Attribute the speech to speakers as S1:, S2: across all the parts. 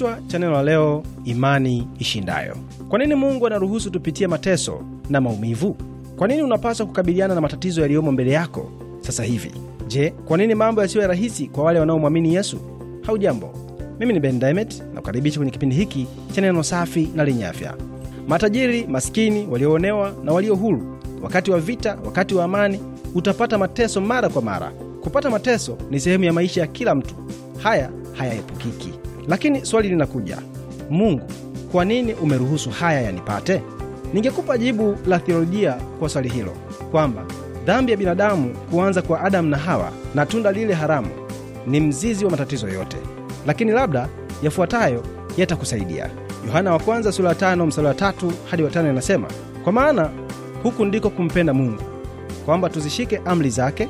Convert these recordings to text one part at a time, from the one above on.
S1: Kichwa cha neno la leo, imani ishindayo. Kwa nini Mungu anaruhusu tupitie mateso na maumivu? Kwa nini unapaswa kukabiliana na matatizo yaliyomo mbele yako sasa hivi? Je, kwa nini mambo yasiyo rahisi kwa wale wanaomwamini Yesu? Haujambo, mimi ni Ben Dimet na kukaribisha kwenye kipindi hiki cha neno safi na lenye afya. Matajiri, maskini, walioonewa na walio huru, wakati wa vita, wakati wa amani, utapata mateso mara kwa mara. Kupata mateso ni sehemu ya maisha ya kila mtu. Haya hayaepukiki. Lakini swali linakuja, Mungu, kwa nini umeruhusu haya yanipate? Ningekupa jibu la theolojia kwa swali hilo kwamba dhambi ya binadamu kuanza kwa Adamu na Hawa na tunda lile haramu ni mzizi wa matatizo yote, lakini labda yafuatayo yatakusaidia. Yohana wa kwanza sura ya tano mstari wa tatu hadi wa tano inasema, kwa maana huku ndiko kumpenda Mungu, kwamba tuzishike amri zake,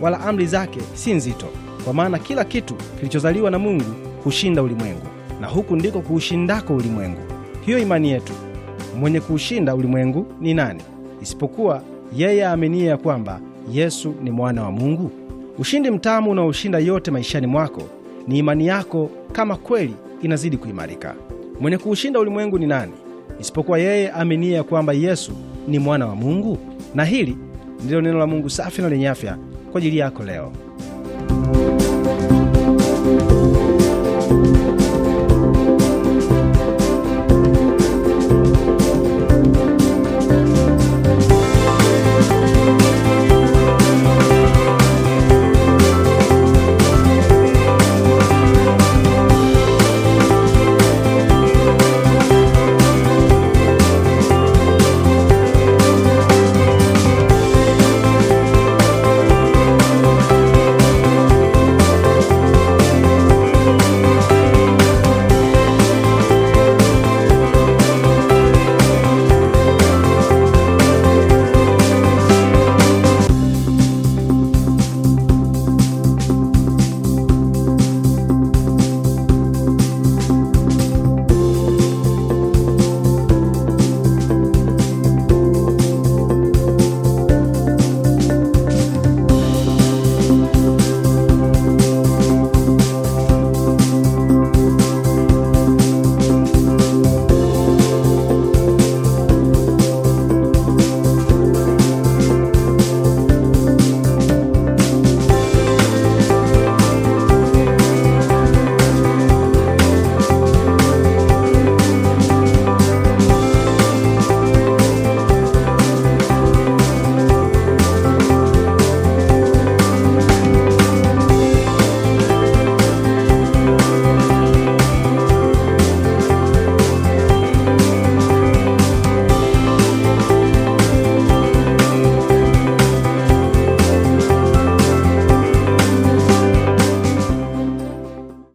S1: wala amri zake si nzito, kwa maana kila kitu kilichozaliwa na Mungu kushinda ulimwengu, na huku ndiko kuushindako ulimwengu, hiyo imani yetu. Mwenye kuushinda ulimwengu ni nani, isipokuwa yeye aaminiye ya kwamba Yesu ni mwana wa Mungu? Ushindi mtamu unaoshinda yote maishani mwako ni imani yako, kama kweli inazidi kuimarika. Mwenye kuushinda ulimwengu ni nani, isipokuwa yeye aaminiye ya kwamba Yesu ni mwana wa Mungu? Na hili ndilo neno la Mungu safi na lenye afya kwa ajili yako leo.